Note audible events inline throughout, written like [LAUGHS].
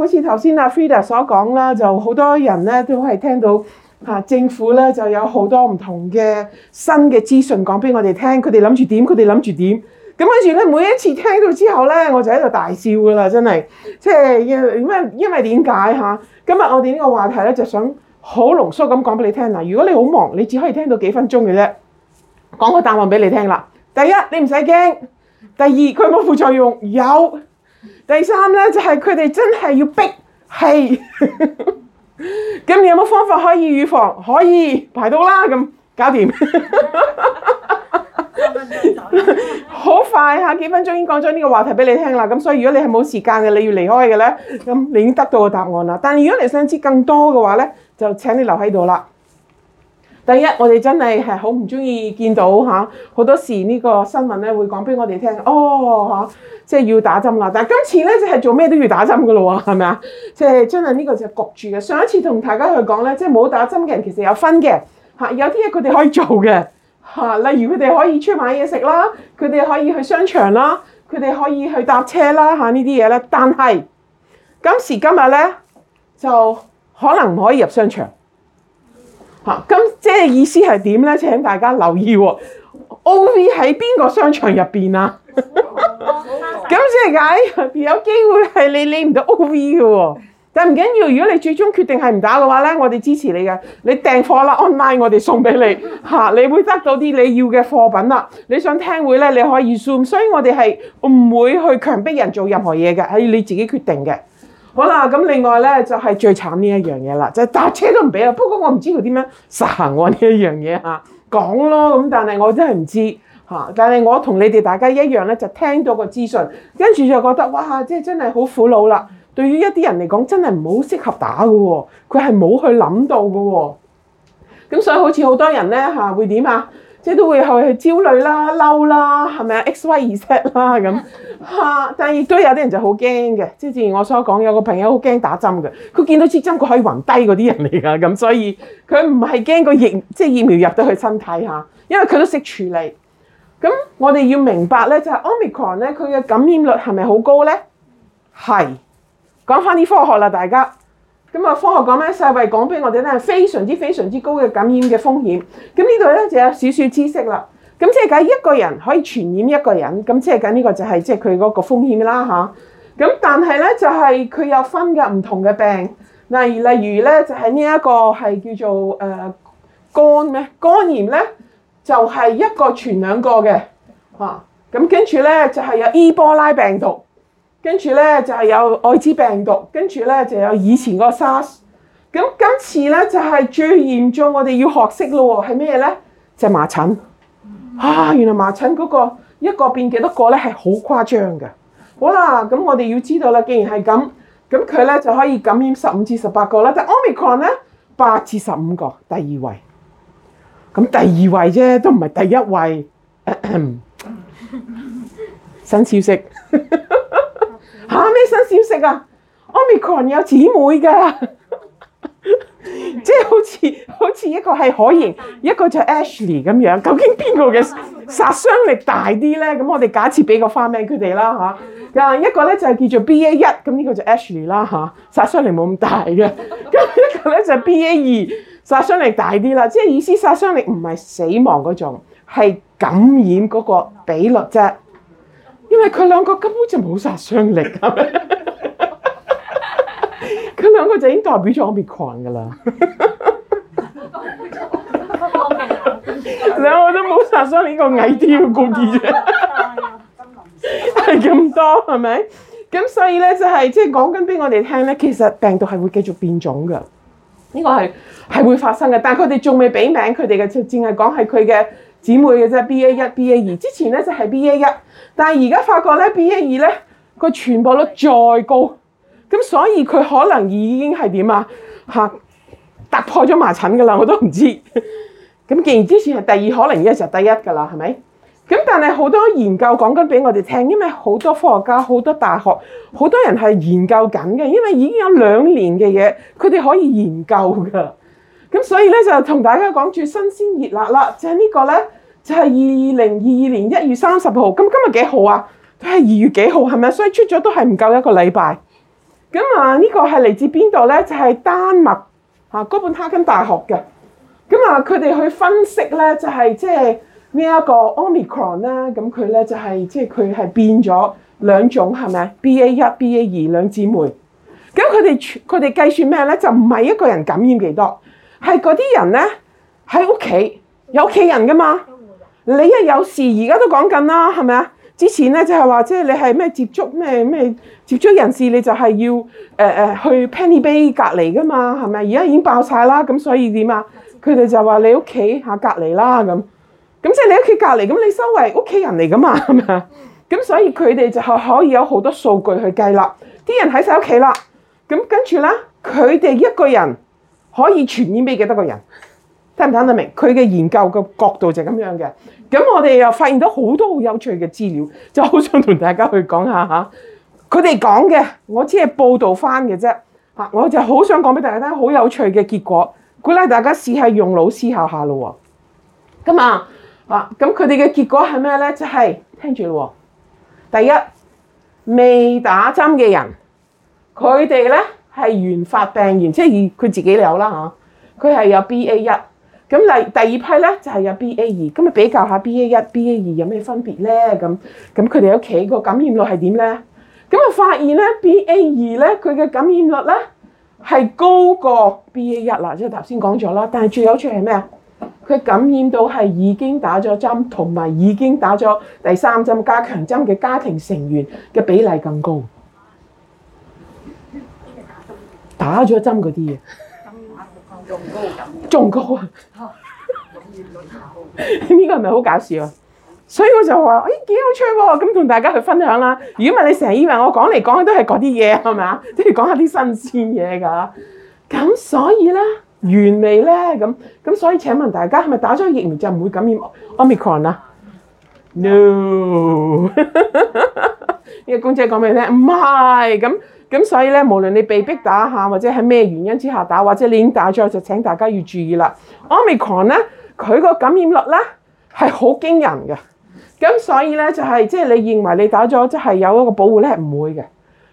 好似頭先阿 Frida 所講啦，就好多人咧都係聽到嚇政府咧就有好多唔同嘅新嘅資訊講俾我哋聽，佢哋諗住點？佢哋諗住點？咁跟住咧，每一次聽到之後咧，我就喺度大笑噶啦，真係即係因因為點解嚇？今日我哋呢個話題咧就想好濃縮咁講俾你聽嗱。如果你好忙，你只可以聽到幾分鐘嘅啫。講個答案俾你聽啦。第一，你唔使驚；第二，佢有冇副作用，有。第三咧就係佢哋真係要逼氣，咁 [LAUGHS] 你有冇方法可以預防？可以排到啦咁，搞掂。好 [LAUGHS] 快吓，下幾分鐘已經講咗呢個話題俾你聽啦。咁所以如果你係冇時間嘅，你要離開嘅咧，咁你已經得到個答案啦。但係如果你想知更多嘅話咧，就請你留喺度啦。第一，我哋真係係好唔中意見到嚇，好多時呢個新聞咧會講俾我哋聽，哦嚇，即係要打針啦。但今次咧就係做咩都要打針噶咯喎，係咪啊？即係真係呢個就焗住嘅。上一次同大家去講咧，即係冇打針嘅人其實有分嘅嚇，有啲嘢佢哋可以做嘅嚇，例如佢哋可以出去買嘢食啦，佢哋可以去商場啦，佢哋可以去搭車啦嚇，呢啲嘢呢，但係今時今日咧就可能唔可以入商場。咁即係意思係點呢？請大家留意喎。O V 喺邊個商場入面啊？咁先係解，有機會係你理唔到 O V 嘅喎。但不唔緊要，如果你最終決定係唔打嘅話，我哋支持你嘅。你訂貨 o n l i n e 我哋送給你，你會得到啲你要嘅貨品，你想聽會你可以 zoom。所以我哋係唔會去強迫人做任何嘢嘅，係你自己決定嘅。好啦，咁另外咧就係最慘呢一樣嘢啦，就搭、係、車都唔俾啦。不過我唔知佢點樣實行呢一樣嘢嚇，講咯咁，但係我真係唔知嚇。但係我同你哋大家一樣咧，就聽到個資訊，跟住就覺得哇，即係真係好苦惱啦。對於一啲人嚟講，真係唔好適合打㗎喎，佢係冇去諗到㗎喎。咁所以好似好多人咧嚇會點啊？即係都會去去焦慮啦、嬲啦，係咪？X Y、Z set 啦咁吓，但係亦都有啲人就好驚嘅。即係正如我所講，有個朋友好驚打針嘅，佢見到支針佢可以暈低嗰啲人嚟㗎，咁所以佢唔係驚個疫，即係疫苗入到去身體下，因為佢都識處理。咁我哋要明白咧，就係 Omicron 咧，佢嘅感染率係咪好高咧？係，講翻啲科學啦，大家。咁啊，科學講咧，世衞講俾我哋咧係非常之非常之高嘅感染嘅風險。咁呢度咧就有少少知識啦。咁即係講一個人可以傳染一個人，咁即係講呢個就係即係佢嗰個風險啦吓，咁但係咧就係、是、佢有分嘅唔同嘅病。例如咧就係呢一個係叫做誒、呃、肝咩肝炎咧，就係、是、一個傳兩個嘅吓。咁跟住咧就係、是、有伊、e、波拉病毒。跟住咧就係有艾滋病毒，跟住咧就有以前個 SARS。咁今次咧就係最嚴重，我哋要學識咯喎，係咩咧？就係麻疹。啊，原來麻疹嗰個一個變幾多個咧，係好誇張嘅。好啦，咁我哋要知道啦。既然係咁，咁佢咧就可以感染十五至十八個啦。但 Omicron 咧，八至十五個，第二位。咁第二位啫，都唔係第一位，咳咳。新消息。吓，咩新消息啊？Omicron 有姊妹噶， [LAUGHS] 即係好似好似一個係可綿，一個就 Ashley 咁樣。究竟邊個嘅殺傷力大啲咧？咁我哋假設俾個花名佢哋啦吓，嗱一個咧就係叫做 BA 一，咁呢個就 Ashley 啦吓，殺傷力冇咁大嘅。咁一個咧就 BA 二，殺傷力大啲啦。即係意思殺傷力唔係死亡嗰種，係感染嗰個比率啫。因為佢兩個根本就冇殺傷力，咁佢兩個就已經代表咗滅狂噶啦，兩、 [LAUGHS] [LAUGHS] 兩個都冇殺傷呢個矮啲嘅谷子啫，係咁多係咪？咁所以咧就係即係講緊俾我哋聽咧，其實病毒係會繼續變種噶，呢個係係會發生嘅，但係佢哋仲未俾名他們，佢哋嘅淨係講係佢嘅。姊妹嘅啫，B A 一、B A 二之前咧就係 B A 一，但係而家發覺咧 B A 二咧個傳播率再高，咁所以佢可能已經係點啊嚇突破咗麻疹噶啦，我都唔知。咁既然之前係第二，可能而家就係第一噶啦，係咪？咁但係好多研究講緊俾我哋聽，因為好多科學家、好多大學、好多人係研究緊嘅，因為已經有兩年嘅嘢，佢哋可以研究噶。咁所以咧就同大家講住新鮮熱辣啦，就係呢個咧，就係二零二二年一月三十號。咁今日幾號啊？都係二月幾號，係咪？所以出咗都係唔夠一個禮拜。咁啊，呢個係嚟自邊度咧？就係丹麥哥本哈根大學嘅。咁啊，佢哋去分析咧，就係即係呢一個 Omicron 啦。咁佢咧就係即係佢係變咗兩種係咪？B A 一、B A 二兩姊妹。咁佢哋佢哋計算咩咧？就唔係一個人感染幾多？係嗰啲人咧喺屋企有屋企人噶嘛？你一有事而家都講緊啦，係咪啊？之前咧就係話即係你係咩接觸咩咩接觸人士，你就係要誒誒、呃、去 Penny Bay 隔離噶嘛，係咪？而家已經爆晒啦，咁所以點 [LAUGHS] 啊？佢哋就話你屋企下隔離啦，咁咁即係你屋企隔離，咁你收為屋企人嚟噶嘛，係咪啊？咁 [LAUGHS] 所以佢哋就可可以有好多數據去計啦。啲人喺晒屋企啦，咁跟住咧佢哋一個人，可以傳染俾幾多個人？聽唔聽得明？佢嘅研究嘅角度就係咁樣嘅。咁我哋又發現到好多好有趣嘅資料，就好想同大家去講下吓。佢哋講嘅，我只係報道翻嘅啫。吓，我就好想講俾大家聽，好有趣嘅結果。鼓勵大家試下用腦思考下咯喎。咁啊啊，咁佢哋嘅結果係咩咧？就係、是、聽住咯喎。第一，未打針嘅人，佢哋咧。係原發病原，即係佢自己他是有啦嚇。佢係有 BA 一，咁第第二批咧就係、是、有 BA 二。咁咪比較下 BA 一、BA 二有咩分別咧？咁咁佢哋屋企個感染率係點咧？咁啊發現咧，BA 二咧佢嘅感染率咧係高過 BA 一啦。即係頭先講咗啦，但係最有趣係咩啊？佢感染到係已經打咗針同埋已經打咗第三針加強針嘅家庭成員嘅比例更高。打咗針嗰啲嘢，針打完仲高感，仲高啊！呢個係咪好搞笑啊？所以我就話：哎，幾有趣喎！咁同大家去分享啦。如果唔係你成日以為我講嚟講去都係嗰啲嘢，係咪啊？即係講下啲新鮮嘢㗎。咁所以咧，原味咧，咁咁所以請問大家係咪打咗疫苗就唔會感染 Omicron 啊？No，呢個公仔講俾你聽，唔係咁。咁所以咧，無論你被逼打下，或者喺咩原因之下打，或者你已經打咗，就請大家要注意啦。Omicron 咧，佢個感染率咧係好驚人嘅。咁所以咧就係，即係你認為你打咗即係有一個保護咧，係唔會嘅。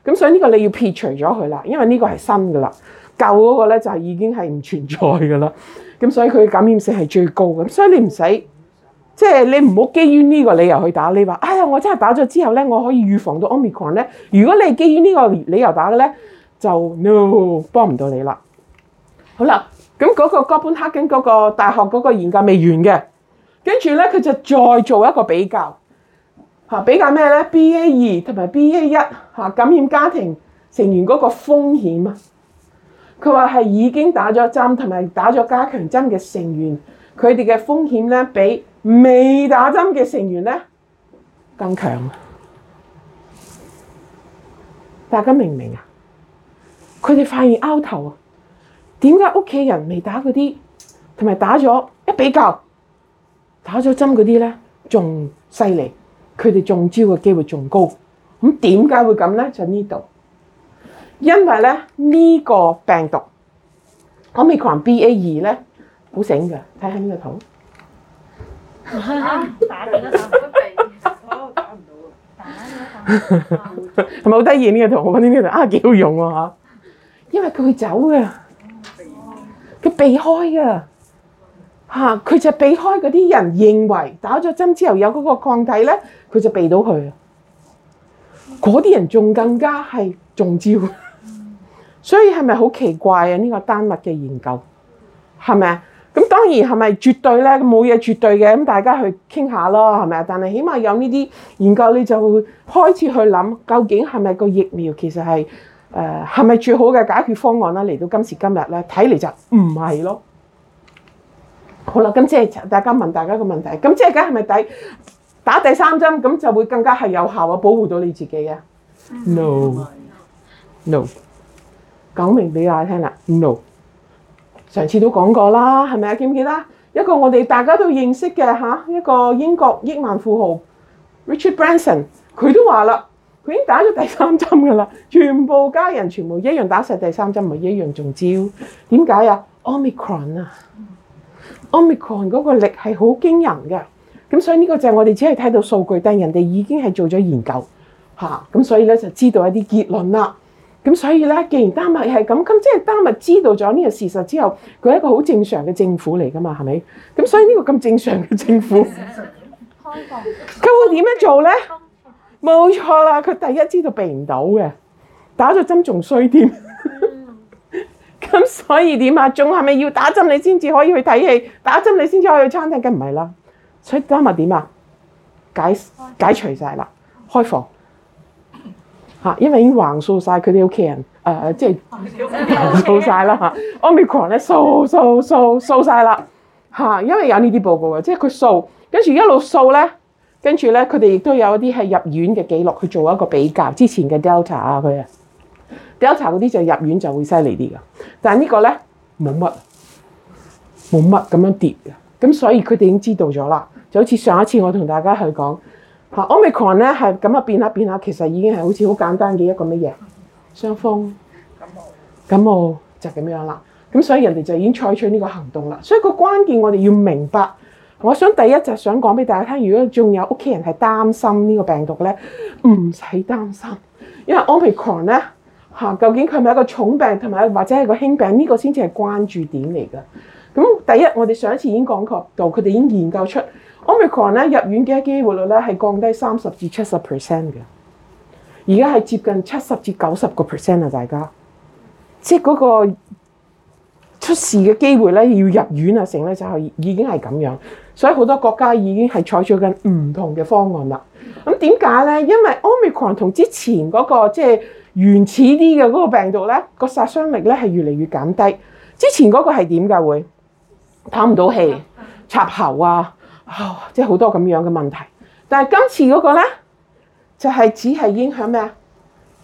咁所以呢個你要撇除咗佢啦，因為呢個係新㗎啦，舊嗰個咧就已經係唔存在㗎啦。咁所以佢嘅感染性係最高㗎，所以你唔使。即係你唔好基於呢個理由去打。你話：哎呀，我真係打咗之後咧，我可以預防到 Omicron 咧。如果你係基於呢個理由打嘅咧，就 no 幫唔到你啦。好啦，咁、那、嗰個哥本哈根嗰個大學嗰個研究未完嘅，跟住咧佢就再做一個比較吓比較咩咧？B A 二同埋 B A 一吓感染家庭成員嗰個風險啊。佢話係已經打咗針同埋打咗加強針嘅成員，佢哋嘅風險咧比，未打針嘅成員呢更強，大家明唔明啊？佢哋發現拗頭，點解屋企人未打嗰啲，同埋打咗一比較，打咗針嗰啲咧仲犀利，佢哋中招嘅機會仲高。噉點解會噉呢？就呢度，因為呢這呢個病毒，Omicron BA.2 呢，好醒嘅，睇下呢個圖。打唔到，打唔到，係咪好得意呢個圖？我睇呢個圖啊，幾好用啊！吓！因為佢會走㗎，佢避開㗎吓，佢就避開嗰啲人認為打咗針之後有嗰個抗體咧，佢就避到佢啊。嗰啲人仲更加係中招，所以係咪好奇怪啊？呢個丹麥嘅研究係咪啊？咁當然係咪絕對咧？冇嘢絕對嘅，咁大家去傾下咯，係咪啊？但係起碼有呢啲研究，你就會開始去諗，究竟係咪個疫苗其實係誒係咪最好嘅解決方案啦？嚟到今時今日咧，睇嚟就唔係咯。好啦，咁即係大家問大家個問題，咁即係而家係咪抵打第三針咁就會更加係有效啊，保護到你自己啊？No，no，講明俾你聽啦，no。上次都講過啦，係咪啊？記唔記得？一個我哋大家都認識嘅吓，一個英國億萬富豪 Richard Branson，佢都話啦，佢已經打咗第三針㗎啦，全部家人全部一樣打晒第三針，唔係一樣中招？點解啊？Omicron 啊，Omicron 嗰個力係好驚人嘅，咁所以呢個就係我哋只係睇到數據，但係人哋已經係做咗研究吓，咁所以咧就知道一啲結論啦。咁所以咧，既然丹麥係咁，咁即係丹麥知道咗呢個事實之後，佢係一個好正常嘅政府嚟㗎嘛，係咪？咁所以呢個咁正常嘅政府，開放，佢 [LAUGHS] 會點樣做咧？冇錯啦，佢第一知道避唔到嘅，打咗針仲衰添。咁、嗯 [LAUGHS] 嗯、所以點啊？仲係咪要打針你先至可以去睇戲，打針你先至可以去餐廳？梗唔係啦，所以丹麥點啊？解解除晒係啦，開放。嚇，因為已經橫掃晒，佢哋屋企人誒，即係 [LAUGHS] 掃晒啦嚇。奧密克戎咧掃掃掃掃曬啦嚇，因為有呢啲報告嘅，即係佢掃，跟住一路掃咧，跟住咧佢哋亦都有一啲係入院嘅記錄去做一個比較，之前嘅 Delta 啊佢啊，Delta 嗰啲就入院就會犀利啲嘅，但係呢個咧冇乜，冇乜咁樣跌嘅，咁所以佢哋已經知道咗啦，就好似上一次我同大家去講。嚇，omicron 咧係咁啊變下變下，其實已經係好似好簡單嘅一個乜嘢？傷風、感冒感冒就係、是、咁樣啦。咁所以人哋就已經採取呢個行動啦。所以個關鍵我哋要明白。我想第一就係、是、想講俾大家聽，如果仲有屋企人係擔心呢個病毒咧，唔使擔心，因為 omicron 咧嚇，究竟佢係咪一個重病同埋或者係個輕病呢、呢個先至係關注點嚟噶。咁第一，我哋上一次已經講過，到佢哋已經研究出。Omicron 咧入院嘅機會率咧係降低三十至七十 percent 嘅，而家係接近七十至九十個 percent 啊！大家，即係嗰個出事嘅機會咧要入院啊，成咧就係已經係咁樣，所以好多國家已經係採取緊唔同嘅方案啦。咁點解咧？因為 Omicron 同之前嗰個即係原始啲嘅嗰個病毒咧，個殺傷力咧係越嚟越減低。之前嗰個係點㗎？會唞唔到氣、插喉啊！哦，即係好多咁樣嘅問題，但係今次嗰個咧就係、是、只係影響咩啊？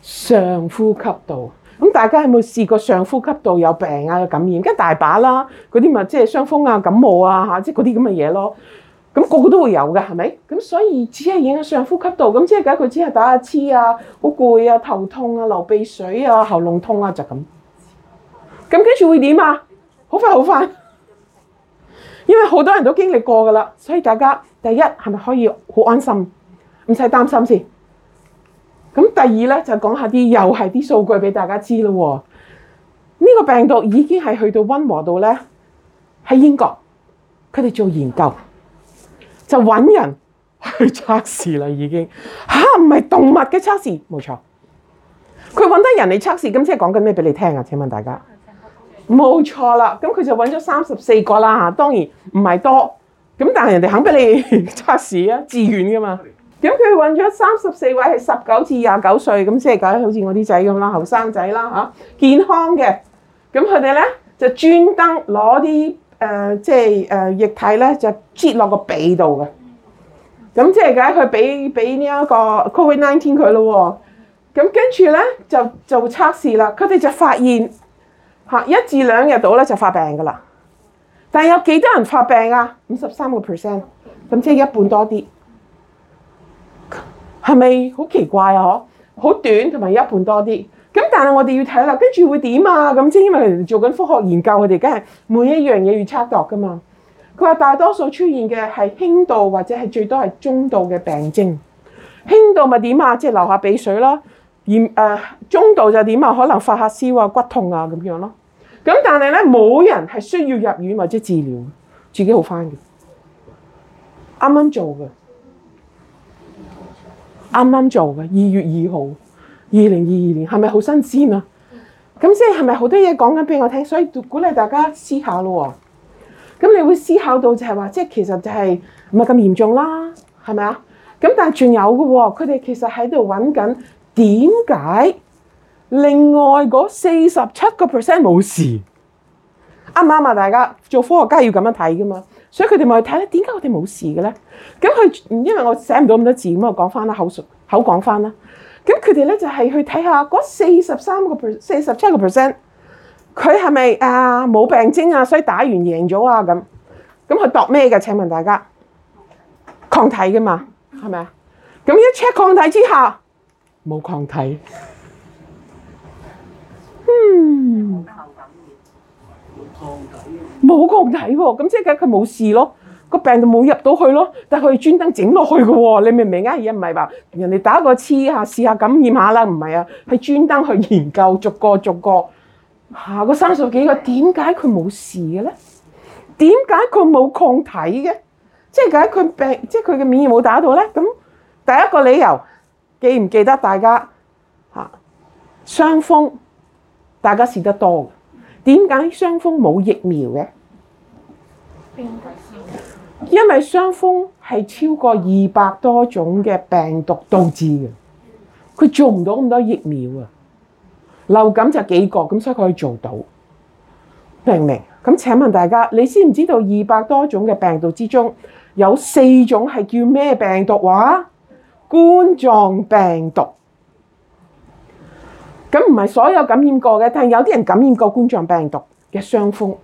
上呼吸道，咁大家有冇試過上呼吸道有病啊、有感染？梗係大把啦，嗰啲咪即係傷風啊、感冒啊嚇，即係嗰啲咁嘅嘢咯。咁個個都會有㗎，係咪？咁所以只係影響上呼吸道，咁即係解佢只係打下癡啊，好攰啊，頭痛啊，流鼻水啊，喉嚨痛啊，就咁。咁跟住會點啊？好快，快，好快。因為好多人都經歷過㗎喇，所以大家第一，係咪可以好安心，唔使擔心先。咁第二呢，就說說一些是講下啲又係啲數據俾大家知咯。呢、呢個病毒已經係去到溫和度咧，喺英國佢哋做研究就揾人去測試啦，已經吓唔係，啊、動物嘅測試，冇錯。佢揾得人嚟測試，咁即係講緊咩俾你聽啊？請問大家？冇錯啦，咁佢就揾咗三十四個啦，當然唔係多，咁但係人哋肯俾你測試啊，自願㗎嘛。咁佢揾咗三十四位係十九至廿九歲，咁即係㗎，好似我啲仔咁啦，後生仔啦嚇，健康嘅。咁佢哋咧就專登攞啲誒即係誒、呃、液體咧，就擠落個鼻度嘅。咁即係㗎，佢俾俾呢一個 COVID nineteen 佢咯喎。咁跟住咧就就做測試啦，佢哋就發現。嚇，一至兩日到咧就發病㗎喇，但係有幾多人發病啊？五十三個 percent，咁即係一半多啲，係咪好奇怪啊？嗬，好短同埋一半多啲，咁但係我哋要睇啦，跟住會點啊？咁即係因為佢哋做緊科學研究，佢哋梗係每一樣嘢要測度㗎嘛。佢話大多數出現嘅係輕度或者係最多係中度嘅病徵，輕度咪點啊？即係流下鼻水啦。呃、中度就點啊？可能發下燒啊、骨痛啊咁樣咯。咁但係咧，冇人係需要入院或者治療，自己好翻嘅。啱啱做嘅，啱啱做嘅，二月二號，二零二二年，係咪好新鮮啊？咁即係係咪好多嘢講緊俾我聽？所以就鼓勵大家思考咯。咁你會思考到就係話，即係其實就係唔係咁嚴重啦？係咪啊？咁但係仲有嘅喎，佢哋其實喺度揾緊。點解另外嗰四十七個 percent 冇事？啱唔啱啊？大家做科學家要咁樣睇噶嘛？所以佢哋咪去睇咧，點解我哋冇事嘅咧？咁佢因為我寫唔到咁多字，咁我講翻啦，口述口講翻啦。咁佢哋咧就係去睇下嗰四十三個 percent、四十七個 percent，佢係咪啊冇病徵啊，所以打完贏咗啊？咁咁佢度咩嘅？請問大家抗體㗎嘛？係咪啊？咁一 check 抗體之下。冇抗體，嗯，冇抗體喎，咁、嗯、即係佢冇事咯，個、嗯、病就冇入到去咯。但係佢專登整落去嘅喎，你明唔明啊？而唔係話人哋打個黐下試下感染下啦，唔係啊，係專登去研究，逐個逐個，下個三十幾個，點解佢冇事嘅咧？點解佢冇抗體嘅？即係解佢病，即係佢嘅免疫冇打到咧。咁第一個理由。記唔記得大家嚇？傷風大家試得多的，點解傷風冇疫苗嘅？因為傷風係超過二百多種嘅病毒導致嘅，佢做唔到咁多疫苗啊！流感就幾個，所以佢可以做到。明唔明？咁請問大家，你知唔知道二百多種嘅病毒之中，有四種係叫咩病毒話？冠狀病毒咁唔係所有感染過嘅，但係有啲人感染過冠狀病毒嘅傷風。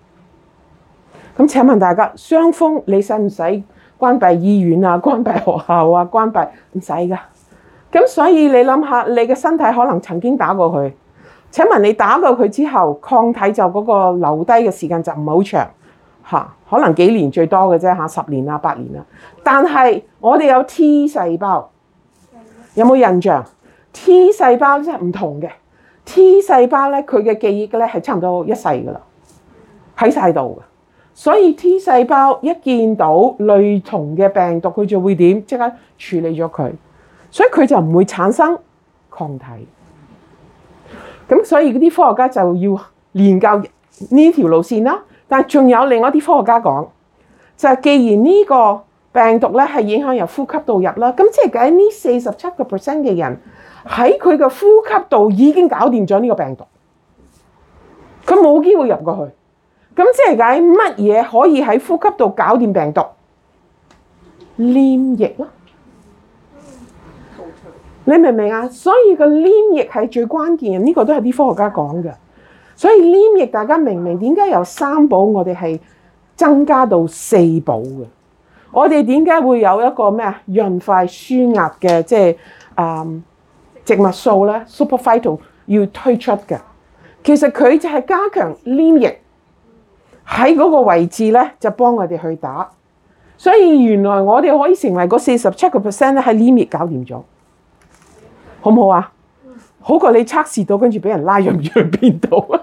咁請問大家傷風你使唔使關閉醫院啊？關閉學校啊？關閉？唔使噶。咁所以你諗下，你嘅身體可能曾經打過佢。請問你打過佢之後，抗體就嗰個留低嘅時間就唔係好長嚇，可能幾年最多嘅啫嚇，十年啊八年啦。但係我哋有 T 細胞。有冇印象？T 細胞咧唔同嘅，T 細胞咧佢嘅記憶咧係差唔多一世㗎喇，喺曬度。所以 T 細胞一見到類同嘅病毒，佢就會點即刻處理咗佢，所以佢就唔會產生抗體。咁所以嗰啲科學家就要研究呢條路線啦。但係仲有另外啲科學家講，就係既然呢個病毒咧，係影響由呼吸道入啦，咁即係講，呢四十七個 percent 嘅人喺佢嘅呼吸道已經搞掂咗呢個病毒，佢冇機會入過去。咁即係講乜嘢可以喺呼吸道搞掂病毒？黏液咯，你明唔明啊？所以個黏液係最關鍵嘅，呢個都係啲科學家講嘅。所以黏液，大家明唔明？點解由三寶我哋係增加到四寶嘅？我哋點解會有一個咩啊？潤快舒壓嘅即係誒、嗯、植物素咧 s u p e r f i t a l 要推出嘅。其實佢就係加強黏液喺嗰個位置咧，就幫我哋去打。所以原來我哋可以成為嗰四十七個 percent 咧，喺黏液搞掂咗，好唔好啊？好過你測試到跟住俾人拉入去邊度啊？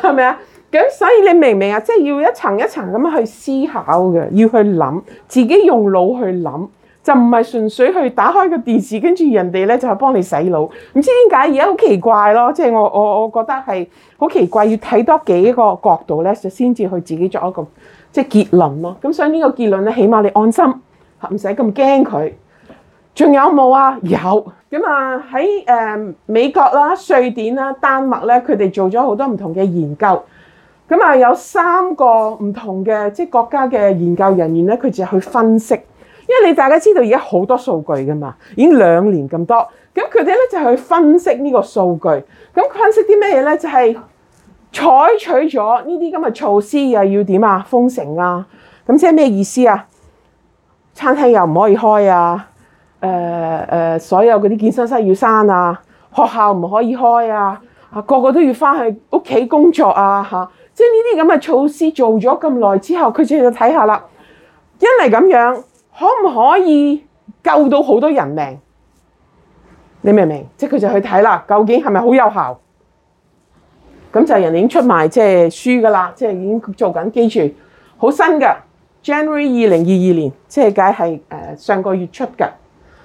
係咪啊？咁所以你明唔明啊？即係要一層一層咁樣去思考嘅，要去諗，自己用腦去諗，就唔係純粹去打開個電視，跟住人哋咧就係幫你洗腦。唔知點解而家好奇怪咯，即係我我我覺得係好奇怪，要睇多幾個角度咧，就先至去自己作一個即係結論咯。咁所以呢個結論咧，起碼你安心，唔使咁驚佢。仲有冇啊？有咁啊喺誒美國啦、瑞典啦、丹麥咧，佢哋做咗好多唔同嘅研究。咁啊，有三個唔同嘅即係國家嘅研究人員咧，佢就去分析，因為你大家知道而家好多數據㗎嘛，已經兩年咁多，咁佢哋咧就去分析呢個數據，咁分析啲咩嘢咧？就係、是、採取咗呢啲咁嘅措施又、啊、要點啊？封城啊，咁即係咩意思啊？餐廳又唔可以開啊，誒、呃、誒、呃，所有嗰啲健身室要閂啊，學校唔可以開啊，個個都要返去屋企工作啊，嚇！即係呢啲咁嘅措施做咗咁耐之後，佢就睇下啦，因為咁樣可唔可以救到好多人命？你明唔明？即係佢就去睇啦，究竟係咪好有效？咁就人哋已經出埋即係書㗎啦，即係已經做緊，記住好新㗎 January 二零二二年，即係解係誒上個月出㗎。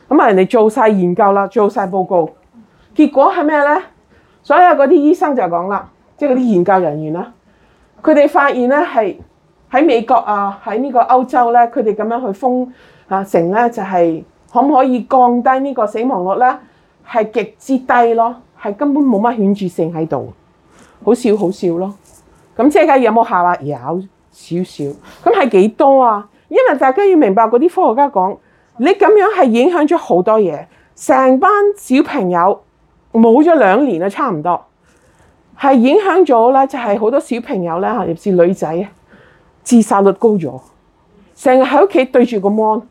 咁啊，人哋做晒研究啦，做晒報告，結果係咩咧？所有嗰啲醫生就講啦，即係嗰啲研究人員啦。佢哋發現咧，係喺美國啊，喺呢個歐洲咧，佢哋咁樣去封啊城咧，就係、是、可唔可以降低呢個死亡率咧？係極之低咯，係根本冇乜顯著性喺度，好少好少咯。咁即係有冇效啊？有少少。咁係幾多啊？因為大家要明白，嗰啲科學家講你咁樣係影響咗好多嘢，成班小朋友冇咗兩年啊，差唔多。係影響咗啦，就係好多小朋友咧嚇，尤其是女仔，自殺率高咗，成日喺屋企對住個 mon，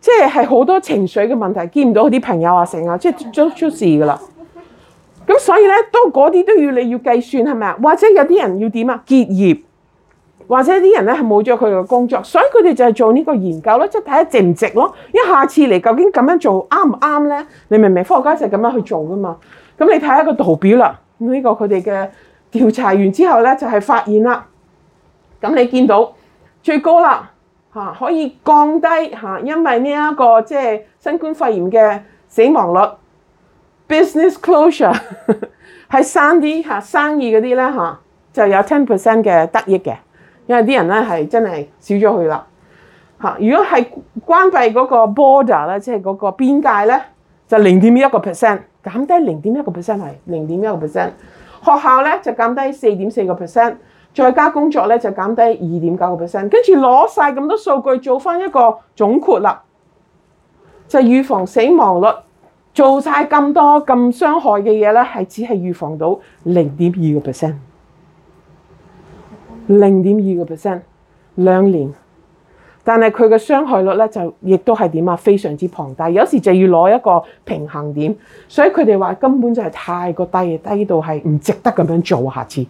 即係係好多情緒嘅問題，見唔到佢啲朋友啊，成日即係出事噶啦。咁所以咧，都嗰啲都要你要計算係咪啊？或者有啲人要點啊？結業，或者啲人咧係冇咗佢嘅工作，所以佢哋就係做呢個研究咯，即係睇下值唔值咯。因為下次嚟究竟咁樣做啱唔啱咧？你明唔明？科學家就係咁樣去做噶嘛。咁你睇下個圖表啦。呢、這個佢哋嘅調查完之後咧，就係、是、發現啦。咁你見到最高啦嚇，可以降低嚇，因為呢、這、一個即係、就是、新冠肺炎嘅死亡率。Business closure 係生啲嚇生意嗰啲咧嚇，就有 ten percent 嘅得益嘅，因為啲人咧係真係少咗去啦嚇。如果係關閉嗰個 border 咧，即係嗰個邊界咧，就零點一個 percent。減低零點一個 percent 係零點一個 percent，學校咧就減低四點四個 percent，再加工作咧就減低二點九個 percent，跟住攞晒咁多數據做翻一個總括啦，就係預防死亡率做晒咁多咁傷害嘅嘢咧，係只係預防到零點二個 percent，零點二個 percent 兩年。但係佢嘅傷害率呢就亦都係點呀？非常之龐大，有時就要攞一個平衡點。所以佢哋話根本就係太過低，低到係唔值得這樣做。下次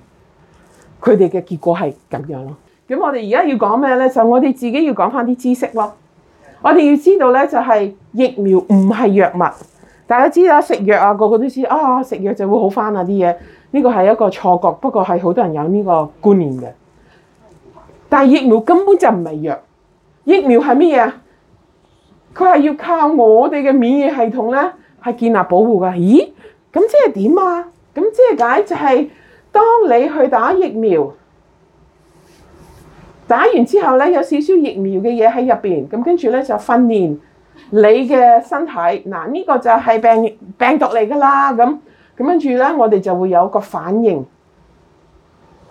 佢哋嘅結果係這樣咯。咁我哋而家要講咩呢？就我哋自己要講翻啲知識咯。我哋要知道呢，就係、是、疫苗唔係藥物。大家知道，食藥道啊，個個都知啊，食藥就會好翻啊啲嘢。呢個係一個錯覺，不過係好多人有呢個觀念嘅。但係疫苗根本就唔係藥。疫苗係咩嘢？佢係要靠我哋嘅免疫系統咧，係建立保護㗎。咦？咁即係點啊？咁即係解就係，當你去打疫苗，打完之後咧，有少少疫苗嘅嘢喺入邊。咁跟住咧就訓練你嘅身體。嗱，呢個就係病病毒嚟㗎啦。咁咁跟住咧，我哋就會有個反應，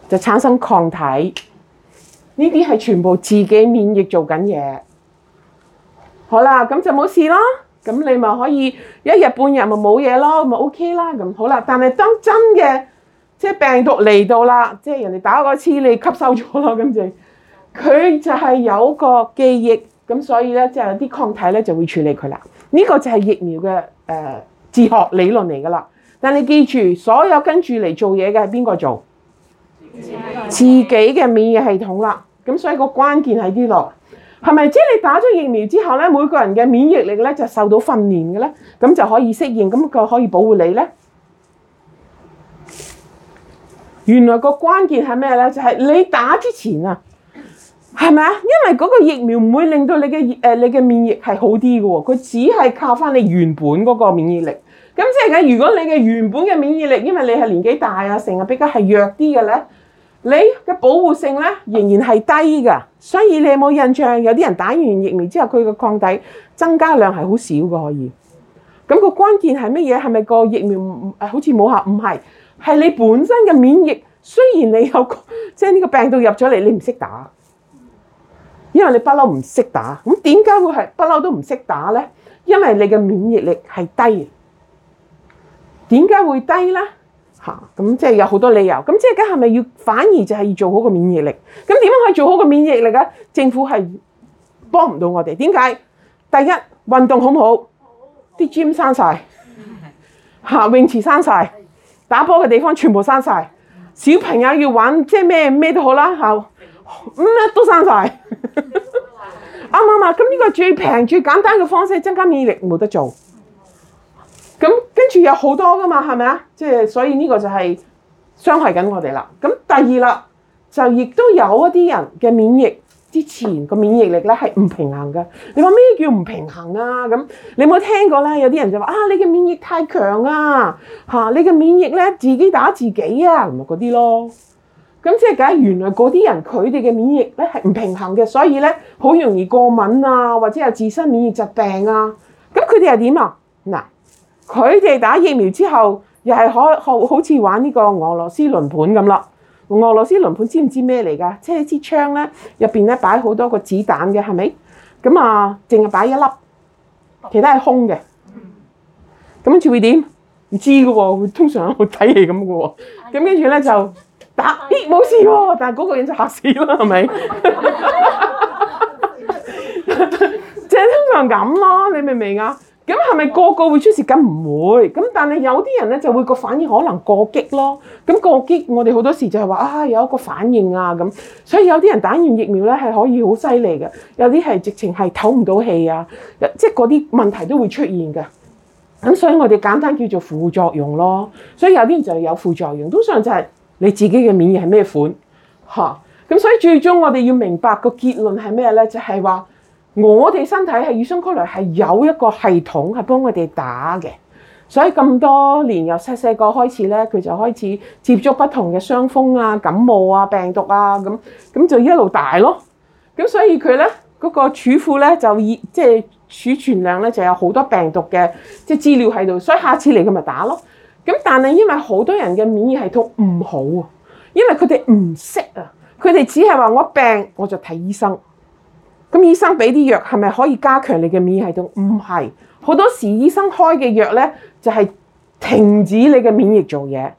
就產生抗體。呢啲係全部自己免疫做緊嘢，好啦，咁就冇事咯。咁你咪可以一日半日咪冇嘢咯，咪 OK 啦。咁好啦，但係當真嘅，即係病毒嚟到啦，即係人哋打過一次，你吸收咗啦，咁就佢就係有個記憶，咁所以咧，即係有啲抗體咧就會處理佢啦。呢、這個就係疫苗嘅誒、呃、自學理論嚟噶啦。但你記住，所有跟住嚟做嘢嘅係邊個做？自己嘅免疫系統啦。咁所以個關鍵喺呢度，係咪？即係你打咗疫苗之後咧，每個人嘅免疫力咧就受到訓練嘅咧，咁就可以適應，咁佢可以保護你咧。原來個關鍵係咩咧？就係、是、你打之前啊，係咪啊？因為嗰個疫苗唔會令到你嘅誒，你嘅免疫力係好啲嘅喎，佢只係靠返你原本嗰個免疫力。咁即係如果你嘅原本嘅免疫力，因為你係年紀大啊，成日比較係弱啲嘅咧。你嘅保護性呢，仍然係低嘅，所以你有冇印象？有啲人打完疫苗之後，佢嘅抗體增加量係好少嘅，可以。咁個關鍵係咩嘢？係咪個疫苗好似冇效？唔係，係你本身嘅免疫。雖然你有，即係呢個病毒入咗嚟，你唔識打，因為你不嬲唔識打。咁點解會係不嬲都唔識打呢？因為你嘅免疫力係低。點解會低呢？吓、嗯！咁即係有好多理由，咁即係梗係咪要反而就係要做好個免疫力？咁點樣可以做好個免疫力啊？政府係幫唔到我哋。點解？第一運動好唔好？啲 gym 閂曬，吓，泳池閂晒，打波嘅地方全部閂晒，小朋友要玩即係咩咩都好啦，吓，乜都閂晒。啱唔啱呀？咁、啊、呢個最平最簡單嘅方式增加免疫力冇得做。咁跟住有好多噶嘛，係咪啊？即係所以呢個就係傷害緊我哋啦。咁第二啦，就亦都有一啲人嘅免疫之前個免疫力咧係唔平衡嘅。你話咩叫唔平衡啊？咁你有冇聽過咧？有啲人就話啊，你嘅免疫太強啊，你嘅免疫咧自己打自己啊，咁嗰啲咯。咁即係假如原來嗰啲人佢哋嘅免疫咧係唔平衡嘅，所以咧好容易過敏啊，或者有自身免疫疾病啊。咁佢哋係點啊？嗱。佢哋打疫苗之後，又係好好似玩呢個俄羅斯輪盤咁咯。俄羅斯輪盤知唔知咩嚟㗎？即係支槍呢，入面呢擺好多個子彈嘅，係咪？咁啊，淨係擺一粒，其他係空嘅。咁樣似會點？唔知㗎喎，通常睇戲咁㗎喎。咁跟住呢，就打，咦，冇事喎、啊。但嗰個人就嚇死啦，係咪？即 [LAUGHS] 係通常咁囉，你明唔明啊？咁係咪個個會出事？咁唔會。咁但係有啲人咧就會個反應可能過激咯。咁過激，我哋好多時就係、是、話啊，有一個反應啊咁。所以有啲人打完疫苗咧係可以好犀利嘅，有啲係直情係唞唔到氣啊，即係嗰啲問題都會出現嘅。咁所以我哋簡單叫做副作用咯。所以有啲人就係有副作用，通常就係你自己嘅免疫係咩款嚇。咁、啊、所以最終我哋要明白個結論係咩咧？就係話。我哋身體係與生俱來係有一個系統係幫我哋打嘅，所以咁多年由細細個開始咧，佢就開始接觸不同嘅傷風啊、感冒啊、病毒啊咁，咁就一路大咯。咁所以佢咧嗰個儲庫咧就以即係儲存量咧就有好多病毒嘅即係資料喺度，所以下次嚟佢咪打咯。咁但係因為好多人嘅免疫系統唔好啊，因為佢哋唔識啊，佢哋只係話我病我就睇醫生。咁醫生俾啲藥係咪可以加強你嘅免疫系統？唔係，好多時醫生開嘅藥咧就係停止你嘅免疫做嘢，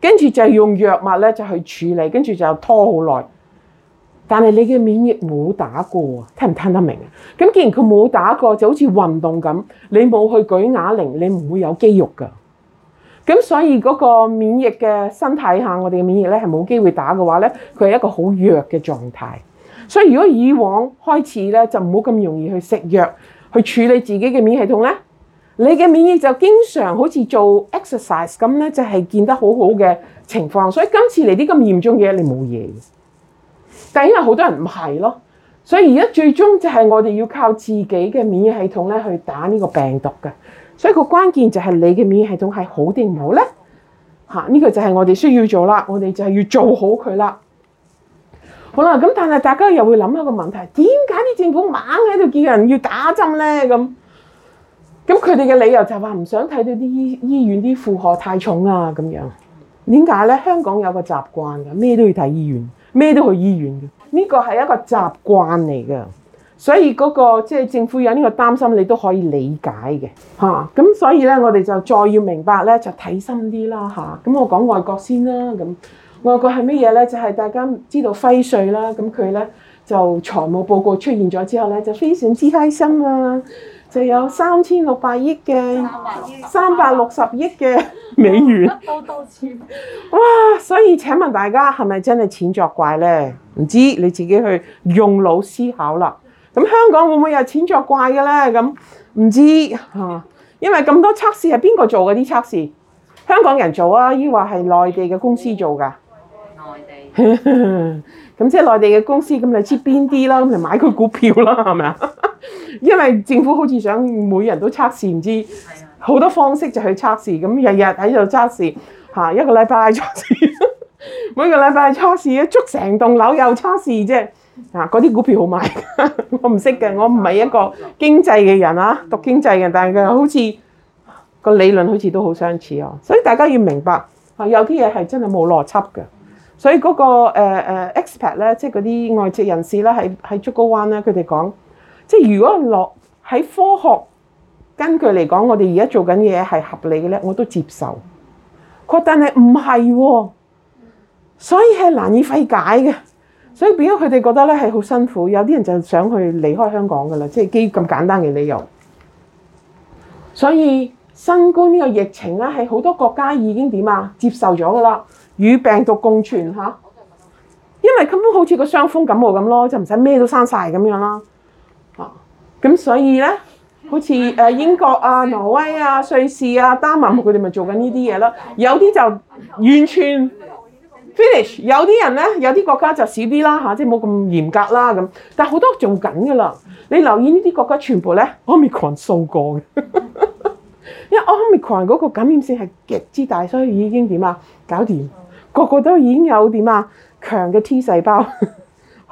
跟住就用藥物咧就去處理，跟住就拖好耐。但係你嘅免疫冇打過啊，聽唔聽得明啊？咁既然佢冇打過，就好似運動咁，你冇去舉啞鈴，你唔會有肌肉噶。咁所以嗰個免疫嘅身體下，我哋嘅免疫咧係冇機會打嘅話咧，佢係一個好弱嘅狀態。所以如果以往開始咧，就唔好咁容易去食藥去處理自己嘅免疫系統咧，你嘅免疫就經常好似做 exercise 咁咧，就係、是、見得好好嘅情況。所以今次嚟啲咁嚴重嘅嘢，你冇嘢嘅。但因為好多人唔係咯，所以而家最終就係我哋要靠自己嘅免疫系統咧去打呢個病毒嘅。所以個關鍵就係你嘅免疫系統係好定唔好咧？嚇、啊，呢、呢個就係我哋需要做啦，我哋就係要做好佢啦。好啦，咁但係大家又會諗一個問題，點解啲政府猛喺度叫人要打針咧？咁咁佢哋嘅理由就係話唔想睇到啲醫醫院啲負荷太重啊，咁樣。點解咧？香港有個習慣嘅，咩都要睇醫院，咩都去醫院嘅。呢個係一個習慣嚟嘅，所以嗰、那個即係政府有呢個擔心，你都可以理解嘅嚇。咁所以咧，我哋就再要明白咧，就睇深啲啦嚇。咁我講外國先啦咁。外國係乜嘢咧？就係、是、大家知道徵稅輝瑞啦。咁佢咧就財務報告出現咗之後咧，就非常之開心啊！就有三千六百億嘅三百六十億嘅美元好多錢哇！所以請問大家係咪真係錢作怪咧？唔知道你自己去用腦思考啦。咁香港會唔會有錢作怪嘅咧？咁唔知吓，因為咁多測試係邊個做嗰啲測試？香港人做啊，抑或係內地嘅公司做㗎？內地咁即係內地嘅公司咁，你知邊啲啦？咁就買佢股票啦，係咪啊？因為政府好似想每人都測試，唔知好多方式就去測試。咁日日喺度測試吓，一個禮拜測試，每個禮拜測試，捉成棟樓又測試啫。嗱，嗰啲股票好買㗎，我唔識嘅，我唔係一個經濟嘅人啊，讀經濟嘅，但係佢好似個理論好似都好相似哦。所以大家要明白啊，有啲嘢係真係冇邏輯嘅。所以嗰個誒誒 expat 咧，即係嗰啲外籍人士咧，喺喺竹篙灣咧，佢哋講，即係如果落喺科學根據嚟講，我哋而家做緊嘢係合理嘅咧，我都接受。但係唔係喎，所以係難以費解嘅，所以變咗佢哋覺得咧係好辛苦，有啲人就想去離開香港噶啦，即係基於咁簡單嘅理由。所以新冠呢個疫情咧，係好多國家已經點啊接受咗噶啦。與病毒共存，因為根本好似個傷風感冒咁咯，就唔使咩都生晒咁樣啦嚇。咁所以咧，好似英國啊、挪威啊、瑞士啊、丹麥佢哋咪做緊呢啲嘢啦。有啲就完全 finish，有啲人咧，有啲國家就少啲啦，即冇咁嚴格啦咁。但好多做緊噶啦，你留意呢啲國家全部咧，omicron 掃過，因為 omicron 嗰個感染性係極之大，所以已經點啊搞掂。個個都已經有點啊強嘅 T 細胞 [LAUGHS]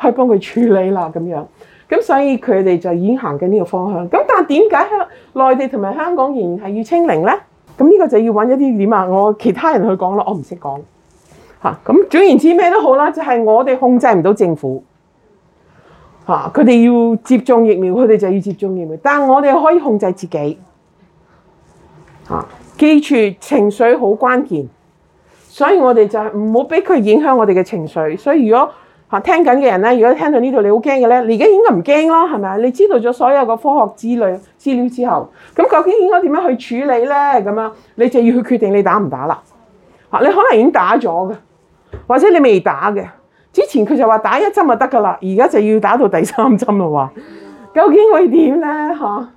去幫佢處理啦，咁樣咁所以佢哋就已經行緊呢個方向。咁但係點解香內地同埋香港仍然係要清零咧？咁呢個就要搵一啲點啊，我其他人去講咯，我唔識講嚇。咁總言之咩都好啦，就係、是、我哋控制唔到政府嚇，佢哋要接種疫苗，佢哋就要接種疫苗。但係我哋可以控制自己嚇。記住情緒好關鍵。所以我哋就係唔好俾佢影響我哋嘅情緒。所以如果聽緊嘅人咧，如果聽到呢度你好驚嘅咧，你而家應該唔驚啦，係咪啊？你知道咗所有嘅科學資料資料之後，咁究竟應該點樣去處理咧？咁樣你就要去決定你打唔打啦。你可能已經打咗嘅，或者你未打嘅。之前佢就話打一針就得噶啦，而家就要打到第三針啦喎。究竟會點咧？嚇？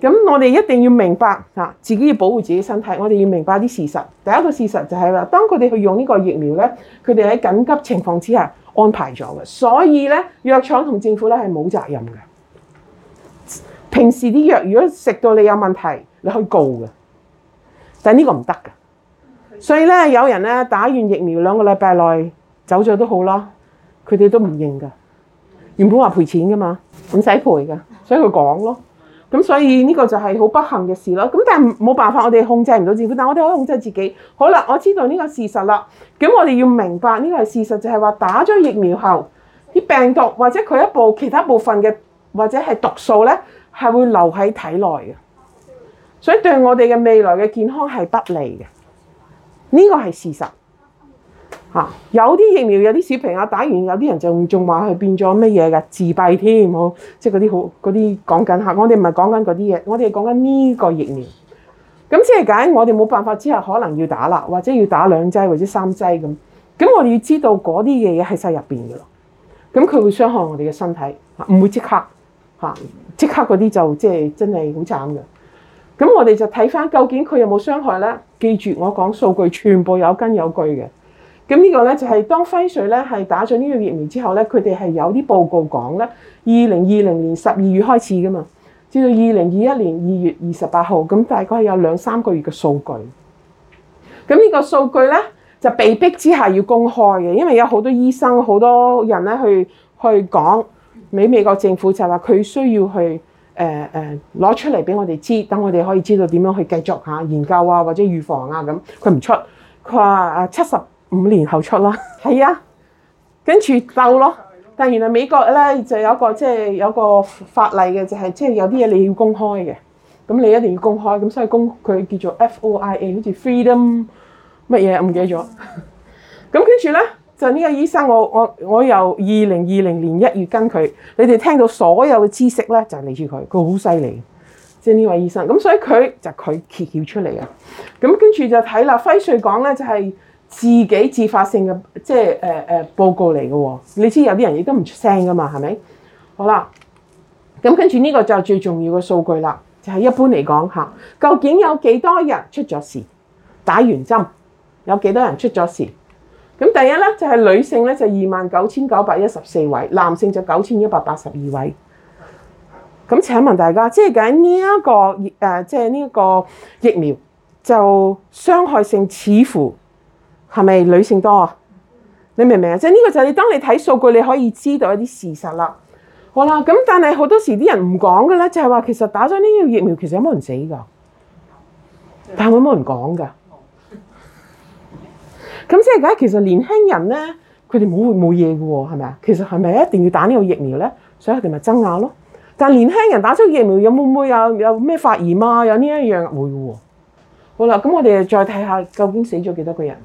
咁我哋一定要明白，自己要保護自己身體。我哋要明白啲事實。第一個事實就係話，當佢哋去用呢個疫苗，呢佢哋喺緊急情況之下安排咗嘅。所以呢，藥廠同政府呢係冇責任嘅。平時啲藥如果食到你有問題，你可以告嘅，但呢個唔得㗎。所以呢，有人呢打完疫苗兩個禮拜內走咗都好囉，佢哋都唔認㗎。原本話賠錢㗎嘛，唔使賠㗎。所以佢講囉。咁所以呢個就係好不幸嘅事咯。咁但係冇辦法，我哋控制唔到自己。但我哋可以控制自己。好啦，我知道呢個事實啦。咁我哋要明白呢個係事實，就係話打咗疫苗後，啲病毒或者佢一部其他部分嘅或者係毒素咧，係會留喺體內嘅。所以對我哋嘅未來嘅健康係不利嘅。呢個係事實。嚇、啊、有啲疫苗有啲小朋友打完，有啲人就仲話佢變咗乜嘢㗎自閉添，啊就是、那些好即係嗰啲好嗰啲講緊嚇。我哋唔係講緊嗰啲嘢，我哋講緊呢個疫苗咁，即係緊我哋冇辦法，之下可能要打啦，或者要打兩劑或者三劑咁。咁我哋要知道嗰啲嘢喺身入邊噶咯，咁佢會傷害我哋嘅身體嚇，唔會即刻嚇即、啊、刻嗰啲就即係、就是、真係好慘嘅。咁我哋就睇翻究竟佢有冇傷害咧。記住我講數據全部有根有據嘅。咁呢個咧就係、是、當輝瑞咧係打咗呢個疫苗之後咧，佢哋係有啲報告講咧，二零二零年十二月開始噶嘛，至到二零二一年二月二十八號，咁大概係有兩三個月嘅數據。咁呢個數據咧就被逼之下要公開嘅，因為有好多醫生、好多人咧去去講美美國政府就話佢需要去誒誒攞出嚟俾我哋知，等我哋可以知道點樣去繼續下、啊、研究啊或者預防啊咁，佢唔出，佢話七十。五年後出啦，係啊，跟住鬥咯。但原來美國咧就有個即係、就是、有個法例嘅，就係即係有啲嘢你要公開嘅，咁你一定要公開。咁所以公佢叫做 F O I A，好似 Freedom 乜嘢，我唔記得咗。咁 [LAUGHS] 跟住咧，就呢個醫生，我我我由二零二零年一月跟佢，你哋聽到所有嘅知識咧，就嚟住佢，佢好犀利，即係呢位醫生。咁所以佢就佢揭曉出嚟啊。咁跟住就睇啦，輝瑞講咧就係、是。自己自發性嘅，即係誒誒報告嚟嘅喎。你知有啲人亦都唔出聲噶嘛，係咪好啦？咁跟住呢個就最重要嘅數據啦，就係一般嚟講嚇，究竟有幾多人出咗事？打完針有幾多人出咗事？咁第一咧就係女性咧就二萬九千九百一十四位，男性就九千一百八十二位。咁請問大家，即係講呢一個誒，即係呢一個疫苗就傷害性似乎？係咪女性多啊？你明唔明啊？即係呢個就係你當你睇數據，你可以知道一啲事實啦。好啦，咁但係好多時啲人唔講嘅咧，就係話其實打咗呢個疫苗其實有冇人死㗎？但係有冇人講㗎。咁即係點解其實年輕人咧佢哋冇會冇嘢嘅喎？係咪啊？其實係咪一定要打呢個疫苗咧？所以佢哋咪爭拗咯。但係年輕人打咗疫苗有冇會有有咩發炎啊？有呢一樣會嘅喎。好啦，咁我哋再睇下究竟死咗幾多個人。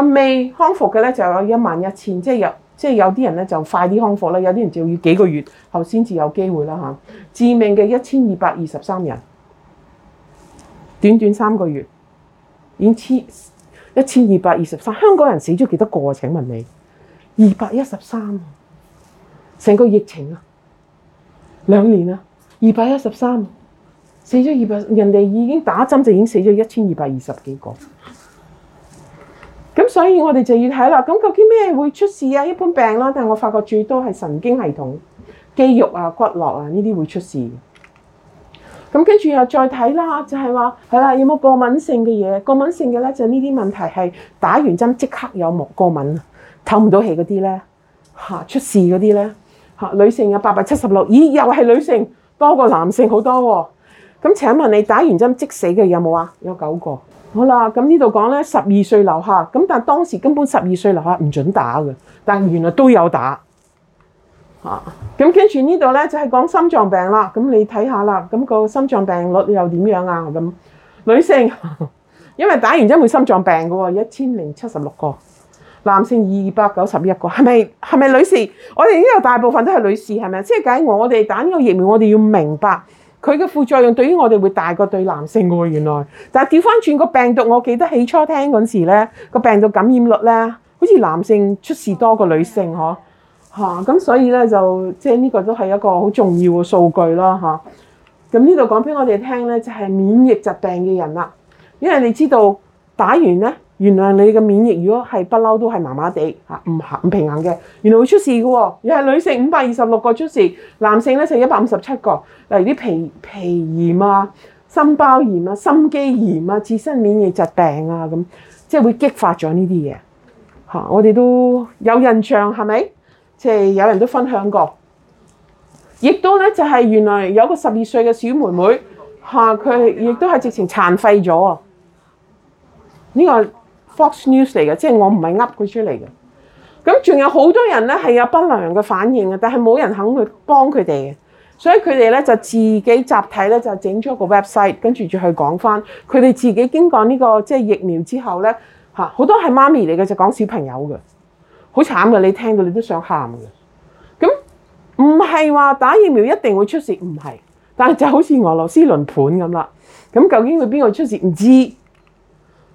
未康復嘅呢，就有一萬一千，即係有即係有啲人呢，就快啲康復啦，有啲人就要幾個月後先至有機會啦嚇。致命嘅一千二百二十三人，短短三個月已經千一千二百二十三。香港人死咗幾多個啊？請問你二百一十三，213，成個疫情啊，兩年啊，二百一十三死咗二百，人哋已經打針就已經死咗一千二百二十幾個。咁所以我哋就要睇啦。咁究竟咩會出事啊？一般病啦，但係我發覺最多係神經系統、肌肉啊、骨骼啊呢啲會出事。咁跟住又再睇啦，就係話係啦，有冇過敏性嘅嘢？過敏性嘅咧就呢啲問題係打完針即刻有冇過敏、透唔到氣嗰啲咧，吓出事嗰啲咧，吓女性有八百七十六，咦又係女性多過男性好多啊。咁請問你打完針即死嘅有冇啊？有九個。好啦，咁呢度講呢，十二歲留下，咁但係當時根本十二歲留下唔準打嘅，但原來都有打嚇。咁跟住呢度呢，就係、是、講心臟病啦。咁你睇下啦，咁、那個心臟病率又點樣啊？咁女性，因為打完之後會心臟病㗎喎，一千零七十六個，男性二百九十一個，係咪，係咪女士？我哋呢度大部分都係女士，係咪？即係解我哋打呢個疫苗，我哋要明白。佢嘅副作用對於我哋會大過對男性喎，原來。但係調翻轉個病毒，我記得起初聽嗰陣時咧，個病毒感染率咧，好似男性出事多過女性，嗬嚇。咁所以咧就即係呢個都係一個好重要嘅數據啦，嚇。咁呢度講俾我哋聽咧，就係免疫疾病嘅人啦，因為你知道打完咧。原來你嘅免疫如果係不嬲都係麻麻地嚇，唔唔平衡嘅，原來會出事嘅喎。又係女性五百二十六個出事，男性咧就一百五十七個。例如啲皮皮炎啊、心包炎啊、心肌炎啊、自身免疫疾病啊咁，即係會激發咗呢啲嘢嚇。我哋都有印象，係咪？即係有人都分享過，亦都咧就係原來有個十二歲嘅小妹妹嚇，佢亦都係直情殘廢咗啊！呢個 Fox News 嚟嘅，即係我唔係噏佢出嚟嘅。咁仲有好多人咧，係有不良嘅反應啊，但係冇人肯去幫佢哋嘅。所以佢哋咧就自己集體咧就整咗個 website，跟住就去講返佢哋自己經過呢個即係疫苗之後咧嚇，好多係媽咪嚟嘅，就講小朋友嘅，好慘嘅，你聽到你都想喊嘅。咁唔係話打疫苗一定會出事，唔係，但係就好似俄羅斯輪盤咁啦。咁究竟佢邊個出事唔知道？